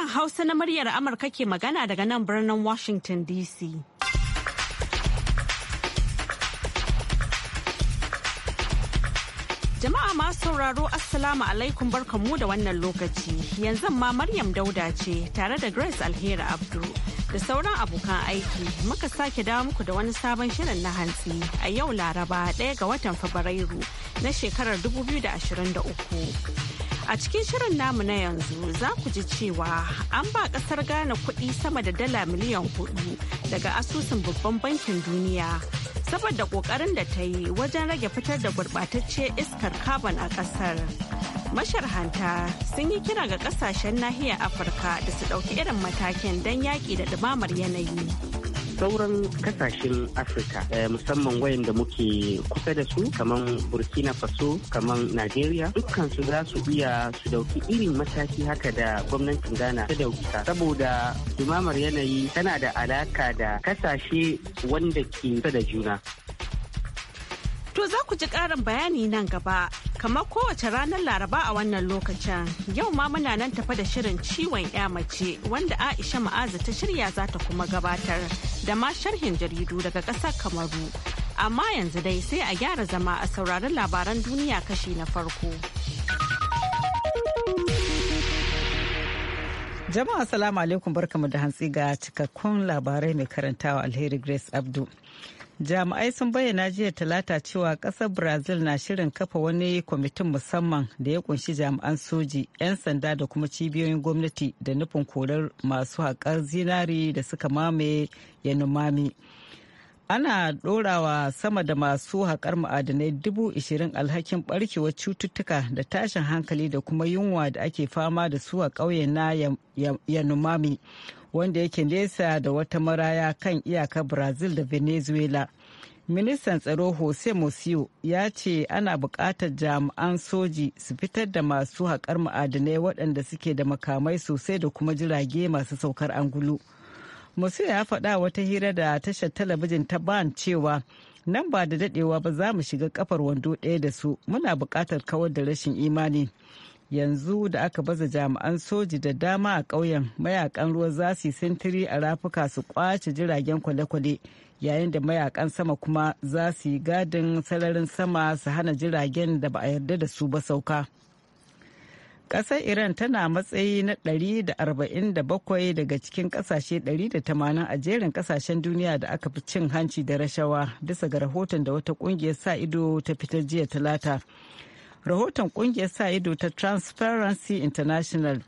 Sashen Hausa na muryar Amurka ke magana daga nan birnin Washington DC. Jama'a masu sauraro Assalamu alaikum barkanmu da wannan lokaci. Yanzu ma Maryam Dauda ce tare da Grace Alheri Abdul da sauran abokan aiki muka sake dawo muku da wani sabon shirin na hantsi a yau Laraba ɗaya ga watan Fabrairu na shekarar 2023. A cikin shirin namu na yanzu za ku ji cewa an ba kasar Ghana kuɗi sama da dala miliyan hudu daga asusun babban bankin duniya. Saboda ƙoƙarin da ta yi wajen rage fitar da gurɓatacce iskar carbon a ƙasar. Masharhanta sun yi kira ga ƙasashen nahiyar Afirka da su ɗauki irin matakin don yaƙi da ɗumamar yanayi. sauran kasashen afirka eh, musamman wayanda muke kusa da su kamar burkina faso kamar najeriya dukkan su za su iya su dauki irin mataki haka da gwamnatin ghana ta dauka saboda dumamar yanayi tana da alaka da kasashe wanda ke kusa da juna To za ku ji ƙarin bayani nan gaba kamar kowace ranar laraba a wannan lokacin yau ma muna nan tafa da shirin ciwon ya mace wanda aisha ma'aza ta shirya za ta kuma gabatar da ma sharhin jaridu daga ƙasar kamaru amma yanzu dai sai a gyara zama a saurari labaran duniya kashi na farko jama'a salamu alaikum barkamu da hantsi ga cikakkun labarai mai karantawa alheri grace abdu jami'ai sun bayyana jiya talata cewa kasar brazil na shirin kafa wani kwamitin musamman da ya kunshi jami'an soji 'yan sanda da kuma cibiyoyin gwamnati da nufin korar masu haƙar zinari da suka mamaye yanumami ana ɗorawa sama da masu haƙar ma'adanai dubu ishirin alhakin ɓarkewar cututtuka da tashin hankali da kuma yunwa da ake fama da su a ƙauyen na yanumami. Ya, wanda yake nesa da wata maraya kan iyakar brazil da venezuela ministan tsaro jose mosio ya ce ana bukatar jami'an soji su fitar da masu haƙar ma'adinai waɗanda suke da makamai sosai da kuma jirage masu saukar angulu mosio ya faɗa wata hira da tashar talabijin ta ban cewa nan ba da daɗewa ba za mu shiga kafar wando ɗaya da su muna bukatar kawar da rashin imani yanzu da aka baza jami'an soji da dama a ƙauyen mayakan ruwa za su yi sintiri a rafuka su kwace jiragen kwale-kwale yayin da mayakan sama kuma za su yi gadin sararin sama su hana jiragen da ba a yarda da su ba sauka ƙasar iran tana matsayi na 147 daga cikin ƙasashe 180 a jerin ƙasashen duniya da aka fi cin hanci da rashawa bisa ga rahoton da wata ƙungiyar sa ido ta fitar jiya talata rahoton kungiyar sa ido ta transparency international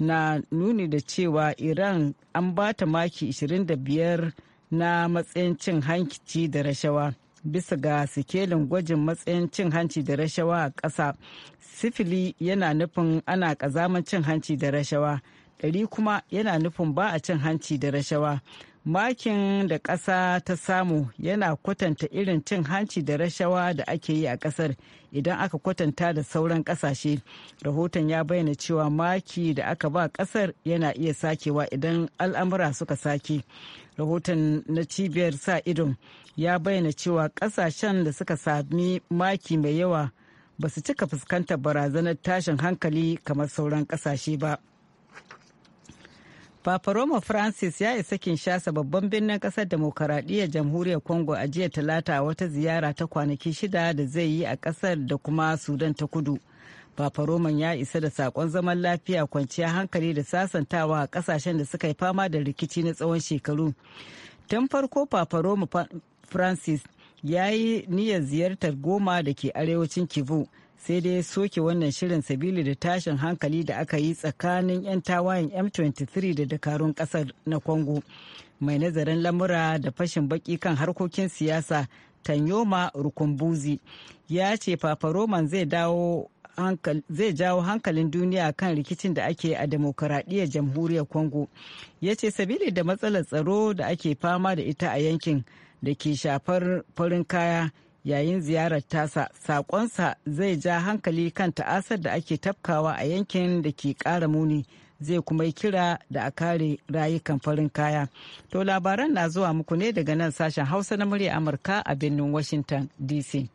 na nuni da cewa iran an ba ta maki 25 na matsayin cin hanci da rashawa bisa ga sikelin gwajin matsayin cin hanci da rashawa a ƙasa sifili yana nufin ana ƙazaman cin hanci da rashawa ɗari kuma yana nufin ba a cin hanci da rashawa makin da ƙasa ta samu yana kwatanta irin cin hanci da rashawa da ake yi a ƙasar idan aka kwatanta da sauran ƙasashe rahoton ya bayyana cewa maki da aka ba ƙasar yana iya sakewa idan al'amura suka sake rahoton na cibiyar sa idon ya bayyana cewa ƙasashen da suka sami maki mai yawa ba su cika fuskantar barazanar tashin hankali kamar sauran ƙasashe ba. Papa Roma Francis ya isa Kinshasa babban birnin kasar demokaradiyyar jamhuriyar Congo a jiya talata a wata ziyara ta kwanaki shida da zai yi a kasar da kuma Sudan ta kudu. Papa Roman ya isa da sakon zaman lafiya kwanciya hankali da sasantawa a ƙasashen da suka yi fama da rikici na tsawon shekaru. Tun farko Papa Roma Francis ya yi niyyar ziyartar goma da ke arewacin Kivu. sai dai soke wannan shirin sabili da tashin hankali da aka yi tsakanin 'yan tawayen m23 da dakarun kasar na congo mai nazarin lamura da fashin baki kan harkokin siyasa tanyoma rukumbuzi ya ce fafaroman zai dawo zai jawo hankalin duniya kan rikicin da ake a demokuraɗiyyar jamhuriyar congo ya ce sabili da matsalar tsaro da ake fama da ita a yankin da ke shafar farin kaya yayin ziyarar tasa sakonsa zai ja hankali kan ta'asar da ake tafkawa a yankin da ke kara muni zai kuma yi kira da a kare rayukan farin kaya to labaran na zuwa muku ne daga nan sashen hausa na murya amurka a birnin washington dc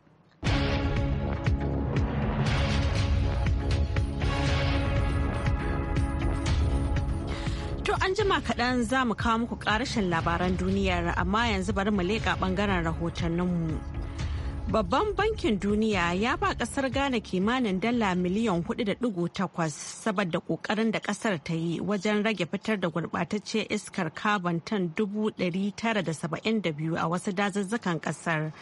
To an jima kaɗan za mu kawo muku ƙarashin labaran duniyar amma yanzu bari mu leƙa ɓangaren rahotanninmu. Babban bankin duniya ya ba kasar Ghana kimanin dala miliyan 4.8 saboda kokarin da kasar ta yi wajen rage fitar da gurbatacciyar iskar carbon tan 972 a wasu dazuzzukan kasar.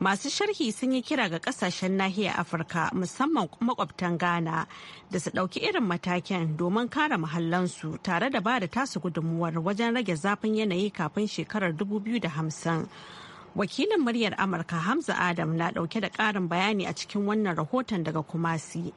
Masu sharhi sun yi kira ga kasashen nahiyar Afirka musamman makwabtan Ghana da su ɗauki irin matakin domin kare mahallansu tare da ba da tasu gudunmuwar wajen rage zafin yanayi kafin shekarar 2050. Wakilin muryar Amurka Hamza Adam na ɗauke da ƙarin bayani a cikin wannan rahoton daga Kumasi.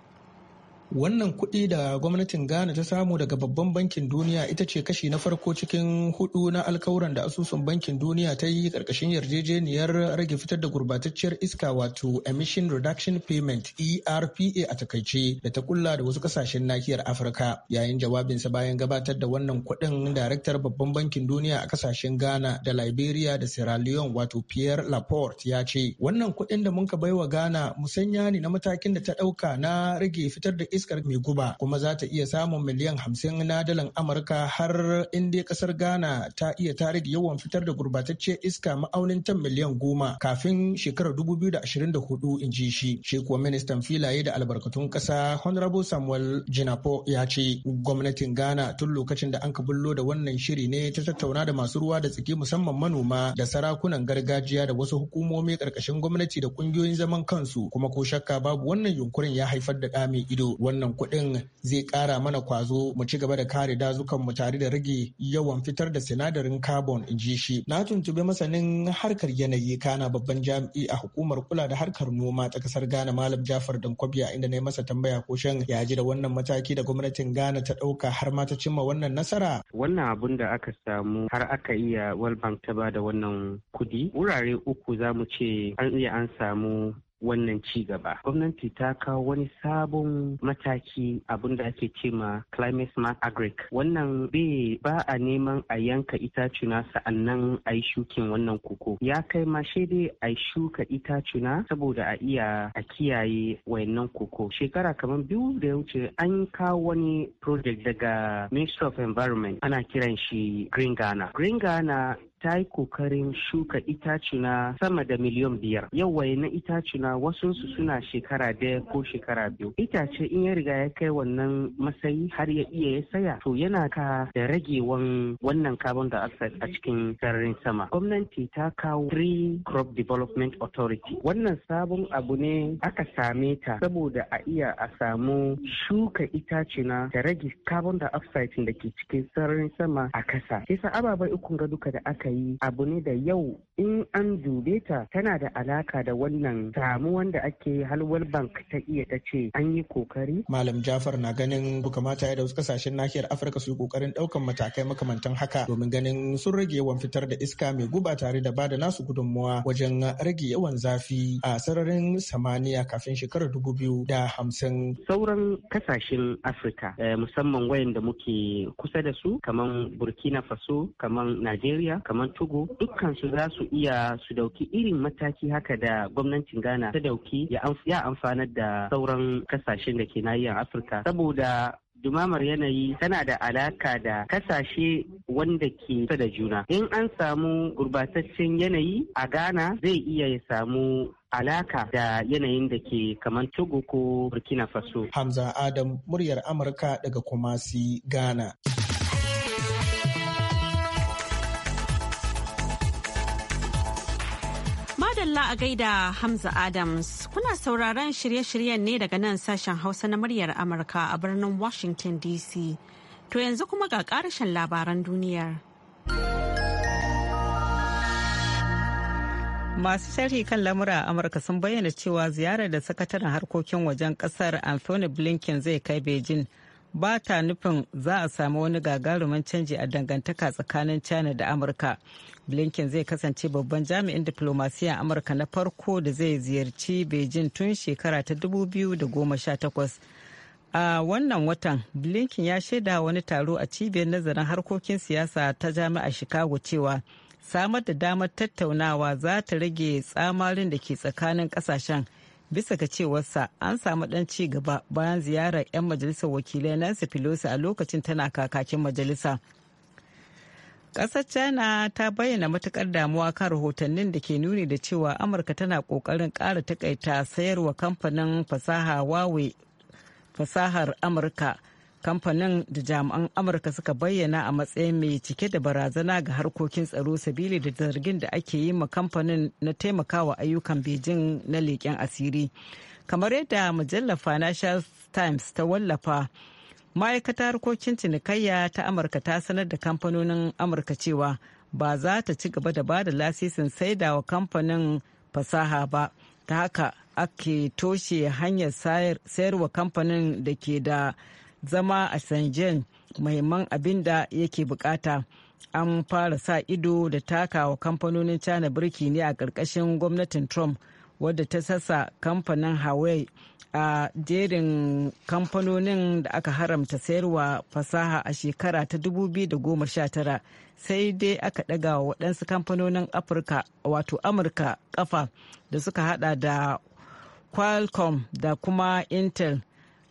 wannan kuɗi da gwamnatin ghana ta samu daga babban bankin duniya ita ce kashi na farko cikin hudu na alkawuran da asusun bankin duniya ta yi karkashin yarjejeniyar rage fitar da gurbatacciyar iska wato emission reduction payment erpa a takaice da ta kulla da wasu kasashen nahiyar afirka yayin jawabinsa bayan gabatar da wannan kuɗin daraktar babban bankin duniya a ƙasashen ghana da liberia da sierra leone wato pierre laporte ya ce wannan kuɗin da muka baiwa ghana musanya ne na matakin da ta ɗauka na rage fitar da iskar mai guba kuma za ta iya samun miliyan hamsin na dalan amurka har in dai kasar ghana ta iya tarik yawan fitar da gurbatacciyar iska ma'aunin tan miliyan goma kafin shekarar hudu in ji shi shi kuwa ministan filaye da albarkatun kasa honorable samuel jinapo ya ce gwamnatin ghana tun lokacin da an ka bullo da wannan shiri ne ta tattauna da masu ruwa da tsaki musamman manoma da sarakunan gargajiya da wasu hukumomi karkashin gwamnati da kungiyoyin zaman kansu kuma ko shakka babu wannan yunkurin ya haifar da ɗame ido wannan kuɗin zai ƙara mana kwazo mu ci gaba da kare dazukan mu tare da rage yawan fitar da sinadarin carbon in ji shi na tuntubi masanin harkar yanayi kana babban jami'i a hukumar kula da harkar noma ta kasar ghana malam jafar dankwabiya inda na yi masa tambaya ko shan ya ji da wannan mataki da gwamnatin ghana ta ɗauka har ma ta cimma wannan nasara wannan abun da aka samu har aka iya world bank ta ba da wannan kudi wurare uku zamu ce an iya an samu wannan ci gaba. Gwamnati ta kawo wani sabon mataki abin da ake ce ma climate smart agric. Wannan bai ba a neman a yanka itacuna sa'annan a yi shukin wannan koko. Ya kai ma dai a shuka itacuna saboda a iya a kiyaye wayannan koko. Shekara kamar biyu da ya wuce an kawo wani project daga Ministry of Environment ana kiran shi Green Ghana. Green Ghana ta yi kokarin shuka itacuna sama da miliyon biyar Yau yawaye na itacuna wasunsu suna shekara daya ko shekara biyu itace in ya riga ya kai wannan masayi har ya iya ya saya to yana ka da ragewan wannan carbon dioxide a cikin sararin sama gwamnati ta kawo free crop development authority wannan sabon abu ne aka same ta saboda a iya a samu shuka itacuna ta rage carbon dioxide da ke cikin sararin sama a kasa ababai ababen ukun ga duka da aka aka yi abu ne da yau in an dube ta tana da alaka da wannan Samuwan da ake halwal bank ta iya ta ce an yi kokari. Malam Jafar na ganin bu kamata ya da wasu kasashen nahiyar Afirka su yi kokarin daukan matakai makamantan haka domin ganin sun rage yawan fitar da iska mai guba tare da bada nasu gudunmawa wajen rage yawan zafi a sararin samaniya kafin shekarar dubu biyu da hamsin. Sauran kasashen Afirka eh, musamman wayanda muke kusa da su kamar Burkina Faso, kamar Najeriya, kamar kamar Togo dukkan su za su iya su dauki irin mataki haka da gwamnatin Ghana ta dauki ya amfanar da sauran kasashen da ke nahiyar Afirka saboda dumamar yanayi tana da alaka da kasashe wanda ke da juna in an samu gurbataccen yanayi a ghana zai iya ya samu alaka da yanayin da ke kamar togo ko burkina faso hamza adam muryar amurka daga kumasi ghana a gaida Hamza Adams. Kuna sauraron shirye-shiryen ne daga nan sashen Hausa na muryar Amurka a birnin Washington DC. To yanzu kuma ga karashen labaran duniyar. Masu sharhi kan lamura a Amurka sun bayyana cewa ziyarar da sakataren harkokin wajen kasar Anthony Blinken zai kai Beijing ba ta nufin za a sami wani gagarumin canji a dangantaka tsakanin China da Amurka. blinken zai kasance babban jami'in diplomasiyyar amurka na farko da zai ziyarci beijing tun shekara ta 2018 a wannan watan blinken ya shaida wani taro a cibiyar nazarin harkokin siyasa ta jami'a chicago cewa samar da damar tattaunawa za ta rage tsamarin da ke tsakanin kasashen bisa ga cewarsa an samu dan ci gaba bayan ziyarar 'yan majalisar wakilai nancy pelosi a lokacin tana kakakin majalisa. Ƙasar China ta bayyana matukar damuwa kan rahotannin da ke nuni da cewa Amurka tana ƙoƙarin ƙara takaita sayarwa kamfanin fasaha wawe fasahar Amurka. Kamfanin da jami'an Amurka suka bayyana a matsayin mai cike da barazana ga harkokin tsaro sabili da zargin da ake yi ma kamfanin na taimakawa ayyukan Beijing na leƙen asiri. Kamar yadda mujallar Financial Times ta wallafa. ma'aikatar harkokin cinikayya ta amurka ta sanar da kamfanonin amurka cewa ba za ta ci gaba da ba da lasisin saidawa kamfanin fasaha ba ta haka ake toshe hanyar sayarwa kamfanin da ke da zama a sanjen mahimman abin da yake bukata an fara sa ido da takawa kamfanonin china birki ne a ƙarƙashin gwamnatin trump wadda ta sassa kamfanin hawaii a jerin kamfanonin da aka haramta sayarwa fasaha a shekara ta 2019 sai dai aka daga waɗansu kamfanonin afirka wato amurka kafa da suka hada da qualcomm da kuma intel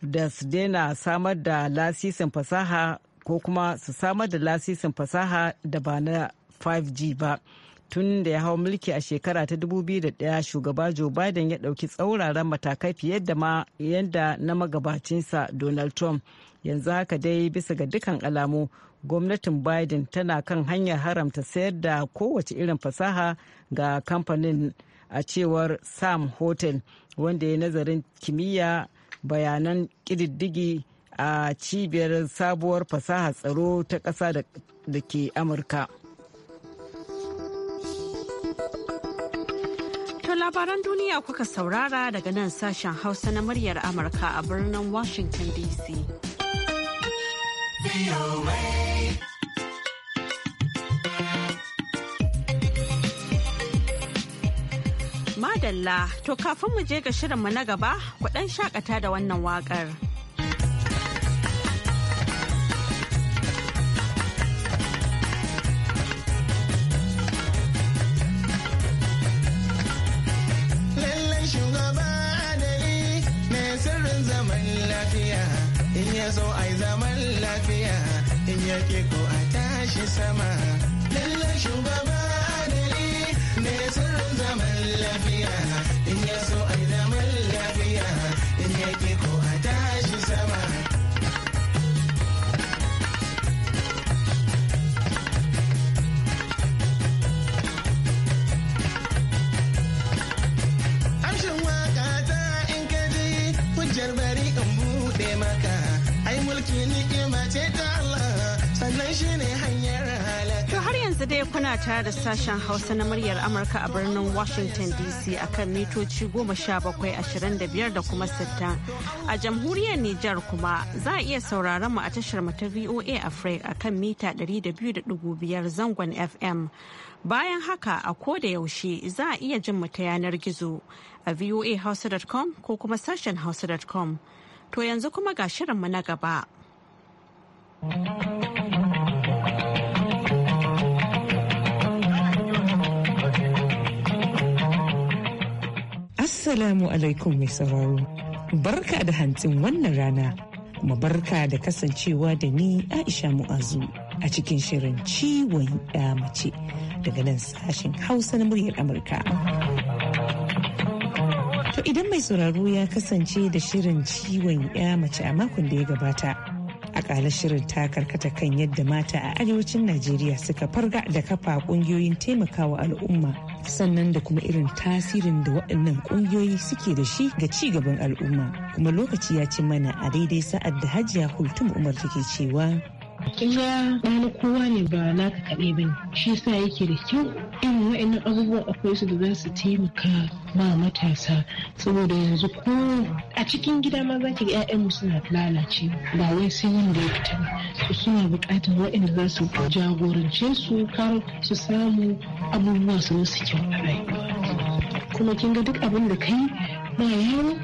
da su daina samar da lasisin fasaha ko kuma su samar da lasisin fasaha da ba na 5G ba. tun da ya hau mulki a shekara ta 2001 shugaba joe biden ya ɗauki tsauraran matakai fiye da ma yadda na magabacinsa donald trump yanzu haka dai bisa ga dukkan alamu gwamnatin biden tana kan hanyar haramta sayar da kowace irin fasaha ga kamfanin a cewar sam hotel wanda ya nazarin kimiyya bayanan ƙididdigi a cibiyar sabuwar fasaha tsaro ta ƙasa da ke amurka. labaran duniya kuka saurara daga nan sashen Hausa na muryar Amurka a birnin Washington DC. Madalla, to kafin mu je ga shirin mu na gaba, ku ɗan shakata da wannan wakar. sama lalle shugaba adali ne sirrin zaman lafiya in ya so ai zaman lafiya in ya ke ko a tashi sama amshin waka ta in ka ji hujjar bari in buɗe maka ai mulki ni'ima ce ta Allah To har yanzu dai kuna tare da sashen hausa na muryar amurka a birnin washington dc akan mitoci goma sha bakwai ashirin da biyar da kuma sittin a jamhuriyar nijar kuma za a iya sauraron mu a tashar mu ta voa africa akan mita ɗari da biyu da ɗigo biyar zangon fm bayan haka a ko da yaushe za a iya jin mu ta yanar gizo a voahausa.com ko kuma sashen hausa.com to yanzu kuma ga shirinmu na gaba. thank you Assalamu alaikum mai sauraro. Barka da hantsin wannan rana, kuma barka da kasancewa da ni Aisha Mu'azu a cikin shirin ciwon ya mace daga nan sashen Hausa na muryar Amurka. To idan mai sauraro ya kasance da shirin ciwon ya mace a makon da ya gabata. akalar shirin ta karkata kan yadda mata a arewacin najeriya suka farga da kafa ƙungiyoyin taimakawa al'umma sannan da kuma irin tasirin da waɗannan ƙungiyoyi suke da shi ga ci gaban al'umma kuma lokaci ya ci mana a daidai sa'ad da hajiya hultum umar take cewa kin ga ɗani kowa ne ba naka kaɗai ba ne shi yasa yake da kyau irin wa'annan abubuwan akwai su da za su taimaka ma matasa saboda yanzu ko a cikin gida ma za ki ga 'ya'yanmu suna lalace ba wai sai wanda ya fita ba su suna buƙatar waanda za su jagorance su kar su samu abubuwa su musu kyau a rayuwa kuma kin ga duk abin da kai ba yaro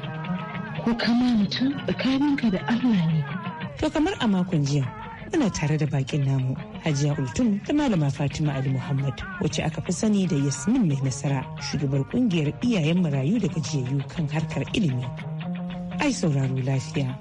ko kama mutum tsakaninka da Allah ne to kamar a makon jiya ana tare da bakin namu hajiya ultum da malama fatima ali muhammad wacce aka fi sani da yasmin mai nasara shugabar kungiyar iyayen marayu da gajiyayyu kan harkar ilimi ai sauraro lafiya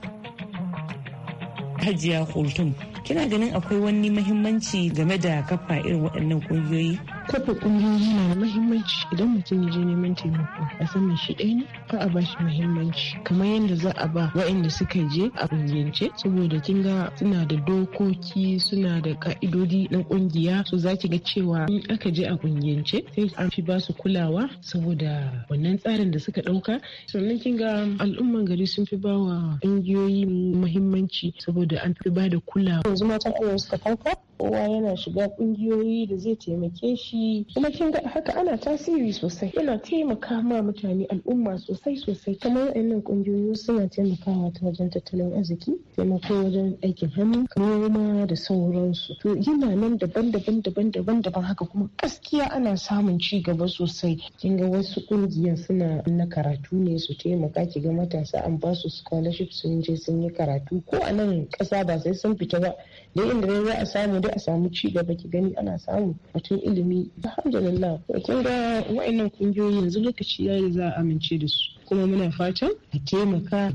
hajiya ultum kina ganin akwai wani mahimmanci game da kafa irin waɗannan ƙungiyoyi kafa ƙungiyoyi na da mahimmanci idan mutum ya je neman taimako a saman shi ɗaya ne ka a bashi mahimmanci kamar yadda za a ba waɗanda suka je a ƙungiyance saboda kin ga suna da dokoki suna da ka'idodi na ƙungiya su za ki ga cewa in aka je a ƙungiyance sai an fi ba su kulawa saboda wannan tsarin da suka ɗauka sannan kin ga al'umman gari sun fi ba wa ƙungiyoyi mahimmanci saboda an fi ba da kulawa yanzu matan aure suka farka kowa yana shiga kungiyoyi da zai taimake shi kuma kin ga haka ana tasiri sosai yana taimaka ma mutane al'umma sosai sosai kamar wayannan kungiyoyi suna taimakawa ta wajen tattalin arziki taimako wajen aikin hannu noma da sauransu to yana nan daban-daban daban-daban daban haka kuma gaskiya ana samun ci gaba sosai kin ga wasu kungiyan suna na karatu ne su taimaka ki ga matasa an ba su scholarship sun je sun yi karatu ko a nan kasa ba sai sun fita ba da inda dai za a samu dai. a samu ci gaba ki gani ana samu mutum ilimi alhamdulillah kin ga wa'annan kungiyoyi yanzu lokaci yayi za a amince da su kuma muna fatan a taimaka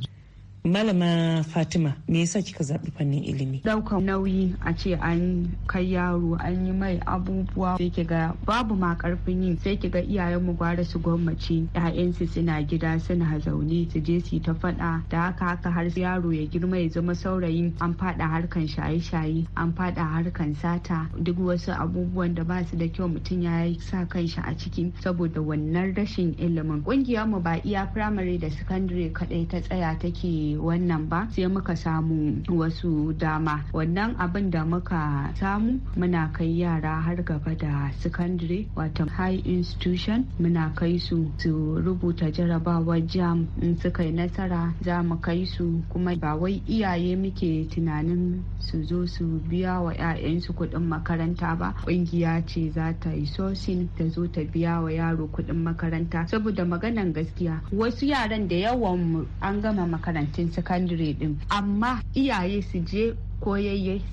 Malama Fatima, me yasa kika zaɓi fannin ilimi? Ɗaukar nauyi a ce an kai yaro an yi mai abubuwa sai kiga babu ma karfin yin sai kiga iyayen mu gwara su gwammaci ƴaƴansu suna gida suna zaune su je su ta faɗa da haka haka har yaro ya girma ya zama saurayin an faɗa harkan shaye-shaye an faɗa harkan sata duk wasu abubuwan da ba su da kyau mutum ya yi sa kanshi a ciki saboda wannan rashin ilimin. Ƙungiyar mu ba iya firamare da sakandare kaɗai ta tsaya take wannan ba sai muka samu wasu dama wannan abin da muka samu muna kai yara har gaba da secondary wato high institution muna kai su su rubuta jarabawar jam in suka yi nasara za mu kai su kuma ba wai iyaye muke tunanin su zo su biya wa 'ya'yansu kuɗin makaranta ba ƙungiya ce za ta yi sosin ta zo ta biya wa yaro kuɗin makaranta saboda maganan gaskiya wasu yaran da yawan an gama makaranta cikin secondary din amma iyaye su je ko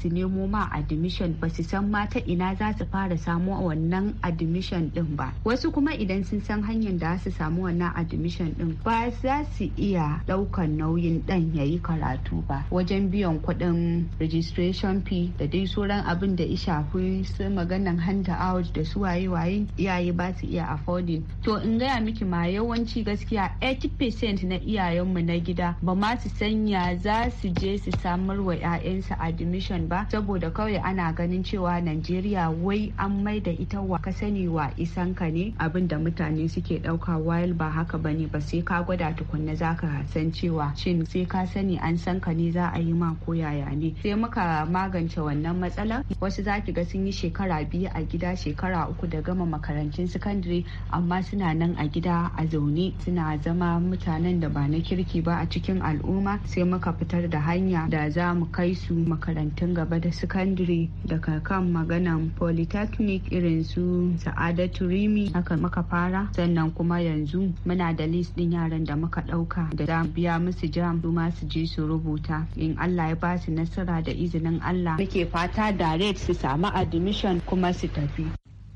su nemo ma admission ba su san ma ta ina za su fara samu wannan admission din ba wasu kuma idan sun san hanyar da su samu wannan admission din ba za su iya daukan nauyin dan yayi karatu ba wajen biyan kuɗin registration fee da dai sauran abin da ya shafi su maganan hand out da su waye waye iyaye ba su iya affording to in gaya miki ma yawanci gaskiya 80% na iyayenmu na gida ba ma su sanya za su je su samar wa 'ya'yansu mata admission ba saboda kawai ana ganin cewa Najeriya wai an mai da ita wa ka sani wa ka ne abin da mutane suke ɗauka while ba haka ba ne ba sai ka gwada tukunna za ka san cewa shin sai ka sani an san ka ne za a yi ma ko yaya ne sai muka magance wannan matsalar wasu za ki ga sun yi shekara biyu a gida shekara uku da gama makarantun sakandare amma suna nan a gida a zaune suna zama mutanen da ba na kirki ba a cikin al'umma sai muka fitar da hanya da za mu kai su makarantun gaba da sakandare daga kan maganan polytechnic irin su sa'adatu rimi haka muka fara sannan kuma yanzu muna da list din yaran da muka dauka da za biya musu jam su masu su je su rubuta in Allah ya ba nasara da izinin Allah muke fata da su samu admission kuma su tafi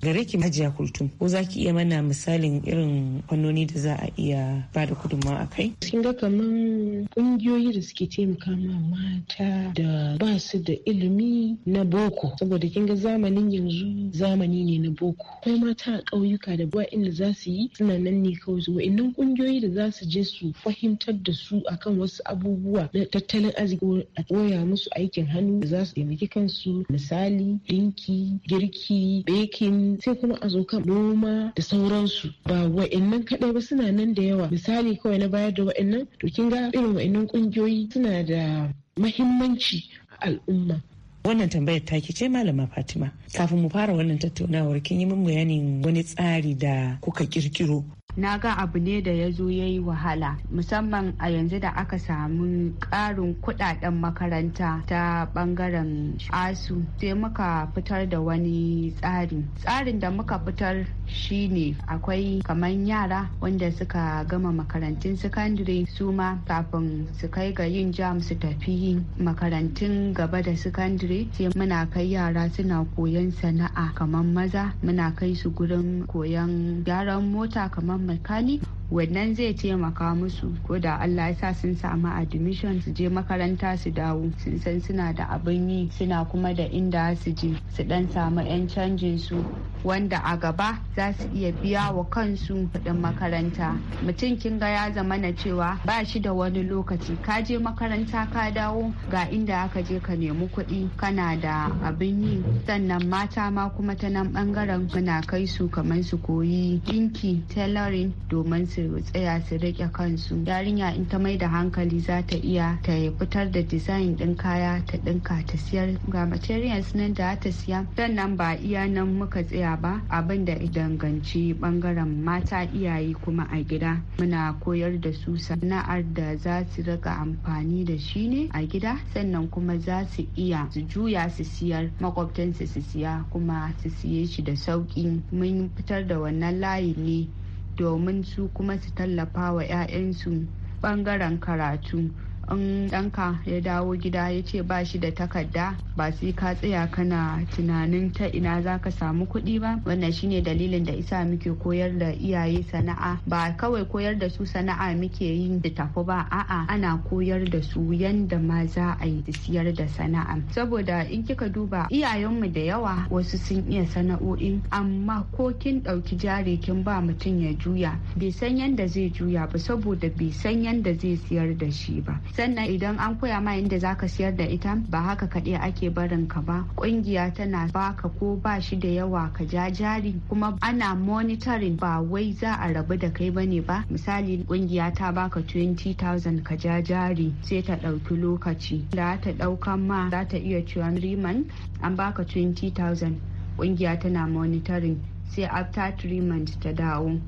gare ki hajiya kultum ko za ki iya mana misalin irin fannoni da za a iya ba da gudunmawa a kai kin ga kaman kungiyoyi da suke taimaka ma mata da ba su da ilimi na boko saboda kin ga zamanin yanzu zamani ne na boko akwai mata a ƙauyuka da ba inda za su yi suna nan ne kawai su wa'annan kungiyoyi da za su je su fahimtar da su akan wasu abubuwa na tattalin arziki a koya musu aikin hannu da za su taimaki kansu misali ɗinki girki bekin. sai kuma a zo kan noma da sauransu ba wa'annan kaɗai ba suna nan da yawa misali kawai na bayar da wa'annan to kin ga irin wa'annan ƙungiyoyi suna da mahimmanci a al'umma wannan tambayar ke ce malama fatima kafin mu fara wannan tattaunawar kin yi min bayanin wani tsari da kuka kirkiro na ga abu ne da ya zo ya yi wahala musamman a yanzu da aka samu ƙarin kuɗaɗen makaranta ta ɓangaren asu sai muka fitar da wani tsari tsarin da muka fitar shi ne akwai kamar yara wanda suka gama makarantun sakandare su ma kafin su kai ga yin jam su tafi makarantun gaba da sakandare sai muna kai yara suna koyon sana'a kamar maza muna kai su gurin koyon gyaran mota kamar makani wannan zai taimaka musu ko da allah ya sa sun samu admission su je makaranta su dawo sun san suna da abin yi suna kuma da inda su je su dan samu 'yan canjin su wanda a gaba za su iya biya wa kansu kuɗin makaranta mutum kin ga ya zama na cewa ba shi da wani lokaci ka je makaranta ka dawo ga inda aka je ka nemi kuɗi kana da abin yi sannan mata ma kuma ta nan bangaren muna kai su kamar su koyi dinki tailoring domin su su tsaya su rike kansu yarinya in ta mai da hankali za ta iya ta fitar da design din kaya ta dinka ta siyar ga materials nan da ta siya sannan ba iya nan muka tsaya ba abin da danganci bangaren mata iyaye kuma a gida muna koyar da su sana'ar da za su rika amfani da shi ne a gida sannan kuma za su iya su juya su siyar makwabtansu su siya kuma su siye shi da sauki mun fitar da wannan layi ne domin su kuma su tallafa wa 'ya'yansu bangaren karatu in ɗanka ya dawo gida ya ce ba shi da takarda ba sai ka tsaya kana tunanin ta ina za ka samu kuɗi ba wannan shine dalilin da isa muke koyar da iyaye sana'a ba kawai koyar da su sana'a muke yin da tafi ba a'a ana koyar da su yanda ma za a yi siyar da sana'a saboda in kika duba iyayenmu da yawa wasu sun iya sana'o'in amma ko kin ɗauki jari kin ba mutum ya juya bai san yanda zai juya ba saboda bai san yanda zai siyar da shi ba sannan idan an koya ma yadda zaka siyar da ita ba haka kaɗai ake barin ka ba ƙungiya tana baka ko ba shi da yawa ka ja jari kuma ana monitoring ba wai za a rabu da kai bane ba misali ƙungiya ta baka 20,000 ka ja jari sai ta ɗauki lokaci da ta ɗauka ma za ta iya cewa riman an baka 20,000 ƙungiya tana monitoring sai after three ta dawo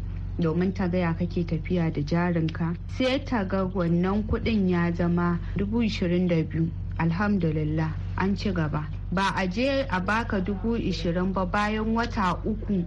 domin ta gaya kake tafiya da jarin ka sai ta ga wannan kuɗin ya zama dubu ishirin da biyu alhamdulillah an ci gaba ba a je a baka dubu ishirin ba bayan wata uku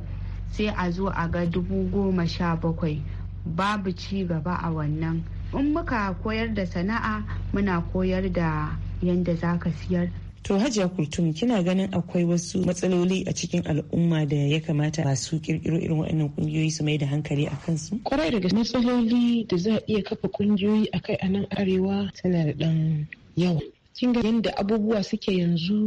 sai a zo a ga dubu goma sha bakwai babu ci gaba a wannan in muka koyar da sana'a muna koyar da yadda za ka siyar To Hajiya Kultumi kina ganin akwai wasu matsaloli a cikin al'umma da ya kamata masu kirkiro irin waɗannan kungiyoyi su mai da hankali a kansu? Kwarai daga matsaloli da za a iya kafa kungiyoyi akai a nan arewa tana da ɗan yawa. kin ga yadda abubuwa suke yanzu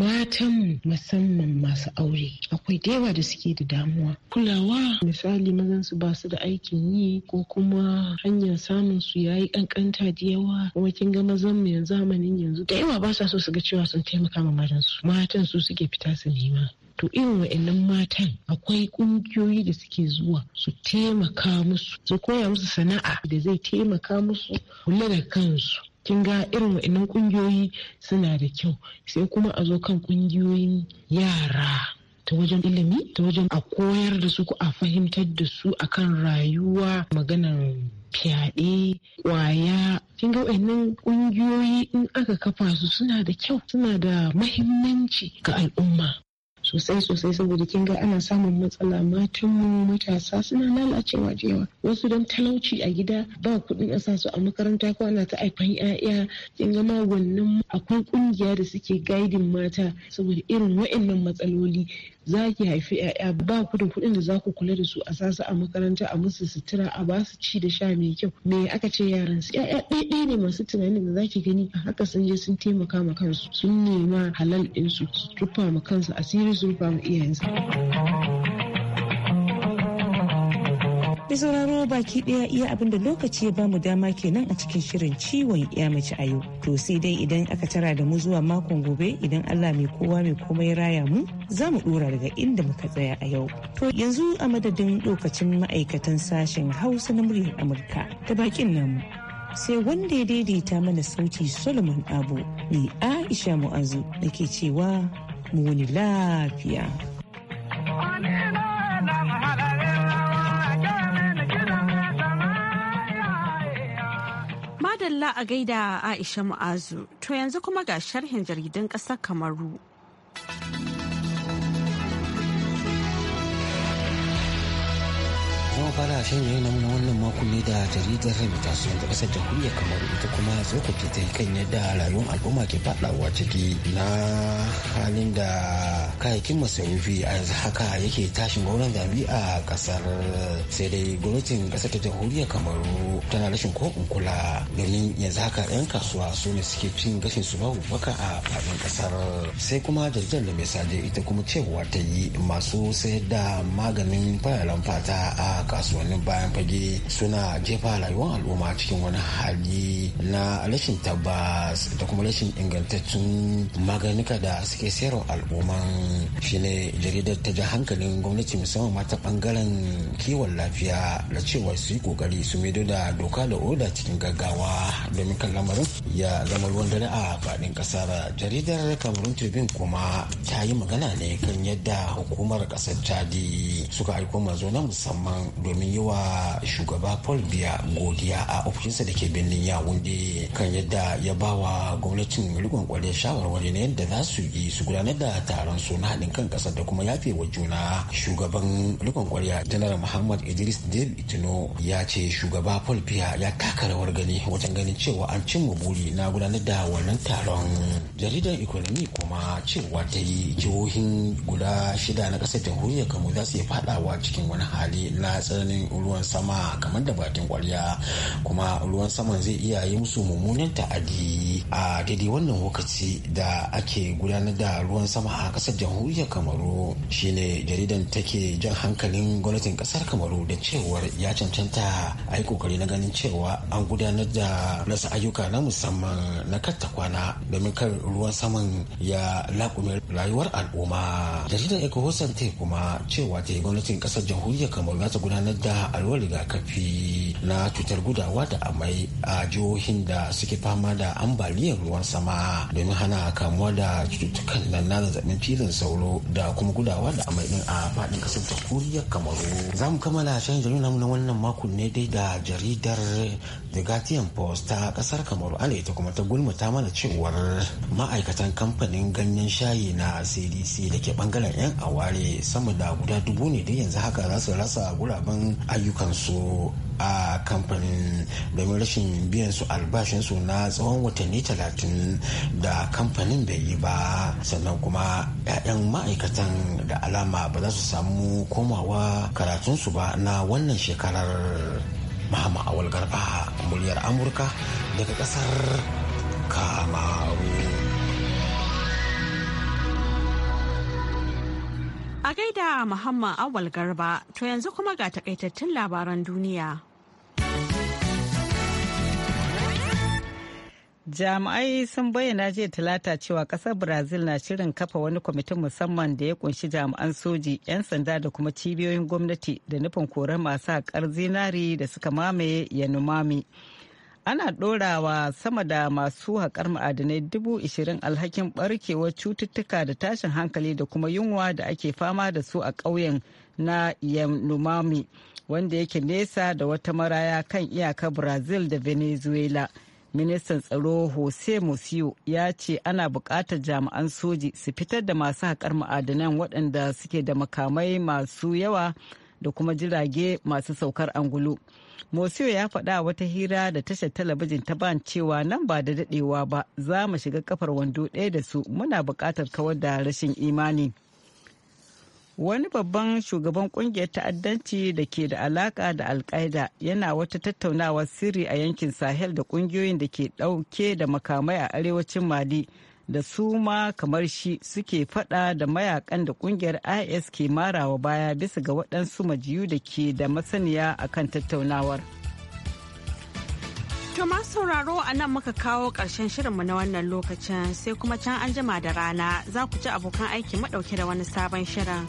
matan musamman masu aure akwai da yawa da suke da damuwa kulawa misali mazan su ba su da aikin yi ko kuma hanyar samun su yayi kankanta da yawa kuma kin ga mazan mu zamanin yanzu da yawa ba sa so su ga cewa sun taimaka ma matan su matan su suke fita su nema to irin wa'annan matan akwai kungiyoyi da suke zuwa su taimaka musu su koya musu sana'a da zai taimaka musu kula da kansu kin ga irin wa'annan kungiyoyi suna da kyau sai kuma a zo kan kungiyoyin yara ta wajen ilimi ta wajen a koyar da su ko a fahimtar da su akan rayuwa maganar fyaɗe kwaya kin ga wa'inan ƙungiyoyi in aka kafa su suna da kyau suna da mahimmanci ga al'umma sosai sosai saboda kin ga ana samun matsala matan mu matasa suna lalacewa da yawa wasu don talauci a gida ba kuɗin a su a makaranta ko ana ta aifan 'ya'ya kin ga ma wannan akwai ƙungiya da suke gaidin mata saboda irin wa'annan matsaloli za ki haifi 'ya'ya ba ku da kuɗin da za ku kula da su a sasa a makaranta a musu sutura a ba su ci da sha mai kyau me aka ce yaran su 'ya'ya ɗaiɗai ne masu tunanin da za ki gani a haka sun je sun taimaka ma kansu sun nema halal ɗinsu su rufa ma kansu asiri su rufa ma iyayensu. Mai sauraro baki ɗaya iya abin da lokaci ya bamu dama kenan a cikin shirin ciwon ya mace a yau. To sai dai idan aka tara da mu zuwa makon gobe idan Allah mai kowa mai komai raya mu za mu ɗora daga inda muka tsaya a yau. To yanzu a madadin lokacin ma'aikatan sashen Hausa na muryar Amurka ta bakin namu. Sai wanda ya daidaita mana sauti Solomon Abu ne Aisha Mu'azu da ke cewa mu wani lafiya. Za a gaida Aisha Mu'azu. To yanzu kuma ga sharhin jaridun ƙasar Kamaru. fara shanye na wannan makon ne da jaridar rami ta kasar jamhuriyar kamar ita kuma tsofaffi ta yi kan yadda rayuwar al'umma ke fadawa ciki na halin da kayakin masarufi a yanzu haka yake tashin gwamnan zabi a kasar sai dai gwamnatin kasar ta jamhuriyar kamaru tana rashin ko kula domin yanzu haka yan kasuwa su ne suke cin gashin su babu baka a faɗin kasar sai kuma jaridar da mai sade ita kuma cewa ta yi masu sayar da maganin fayalan fata a kasuwa kasuwannin bayan fage suna jefa rayuwar al'umma cikin wani hali na rashin tabbas da kuma rashin ingantaccen maganika da suke sayarwa al'umma shine jaridar ta ji hankalin gwamnati musamman mata bangaren kiwon lafiya da cewa su yi kokari su maido da doka da oda cikin gaggawa domin kan lamarin ya zama ruwan dare a faɗin ƙasar jaridar cameroon tribune kuma ta yi magana ne kan yadda hukumar ƙasar chadi suka aiko mazo na musamman domin domin yi wa shugaba paul biya godiya a ofishinsa da ke birnin wundi kan yadda ya ba wa gwamnatin rigon kwale shawarwari na yadda za su yi su gudanar da taron su na haɗin kan ƙasar da kuma yafe wa juna shugaban rikon kwarya janar muhammad idris dev itino ya ce shugaba paul biya ya taka rawar gani wajen ganin cewa an cimma buri na gudanar da wannan taron jaridar ikonomi kuma cewa ta yi jihohin guda shida na ƙasar jamhuriyar kamo za su yi fadawa cikin wani hali na tsarin matsalolin ruwan sama kamar da bakin kwarya kuma ruwan saman zai iya yi musu mummunan ta'adi a daidai wannan lokaci da ake gudanar da ruwan sama a kasar jamhuriyar kamaru shine jaridan take jan hankalin gwamnatin kasar kamaru da cewar ya cancanta a yi kokari na ganin cewa an gudanar da rasa ayyuka na musamman na katta kwana domin kar ruwan saman ya lakume rayuwar al'umma jaridan ecohosan ta kuma cewa ta yi gwamnatin kasar jamhuriyar kamaru za ta gudanar gudanar da alwar rigakafi na cutar gudawa da amai a jihohin da suke fama da ambaliyar ruwan sama domin hana kamuwa da cututtukan nan na zazzabin cizon sauro da kuma gudawa da amai din a faɗin ƙasar jamhuriyar kamaru za mu kammala shan jaridar na wannan makon ne dai da jaridar da Guardian Post ta kasar Kamaru ana ita kuma ta gulmata mana cewar ma'aikatan kamfanin ganyen shayi na CDC da ke bangaren 'yan aware sama da guda dubu ne da yanzu haka za su rasa guraben ayyukansu a kamfanin domin rashin biyan su albashinsu na tsawon watanni talatin da kamfanin bai yi ba sannan kuma 'ya'yan ma'aikatan da alama ba za su samu komawa karatunsu ba na wannan shekarar Mahama Awal Garba muryar Amurka daga kasar Kamaru. A gaida Muhammad Awal Garba, to yanzu kuma ga takaitattun labaran duniya. jami'ai sun bayyana jiya talata cewa kasar brazil na shirin kafa wani kwamitin musamman da ya kunshi jami'an soji 'yan sanda da kuma cibiyoyin gwamnati da nufin korar masu haƙar zinari da suka mamaye yanumami ana ɗorawa sama da masu haƙar ma'adinai dubu ishirin alhakin ɓarkewar cututtuka da tashin hankali da kuma yunwa da ake fama da su a ƙauyen na yanumami wanda yake nesa da wata maraya kan iyakar brazil da venezuela ministan tsaro jose musiu ya ce ana bukatar jami'an soji su fitar da masu haƙar ma'adanan waɗanda suke da makamai masu yawa da kuma jirage masu saukar angulu mosiyo ya faɗa wata hira da tashar talabijin ta ban cewa nan ba da daɗewa ba za mu shiga kafar wando ɗaya da su muna buƙatar kawar da rashin imani wani babban shugaban kungiyar ta'addanci da ke da alaka da alkaida yana wata tattaunawar sirri a yankin sahel da kungiyoyin da ke dauke da makamai a arewacin mali da su ma kamar shi suke fada da mayakan da kungiyar is ke marawa baya bisa ga waɗansu majiyu da ke da masaniya akan tattaunawar. To ma sauraro a nan muka kawo ƙarshen shirinmu na wannan lokacin sai kuma can an jima da rana za ku ci abokan aiki madauke da wani sabon shirin.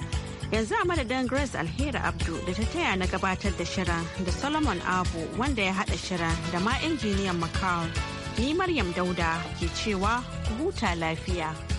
Yanzu a madadin Grace Alheri Abdu da ta taya na gabatar da shirin da Solomon Abu wanda ya haɗa shirin da ma injiniyan Macau. Ni Maryam Dauda ke cewa huta lafiya.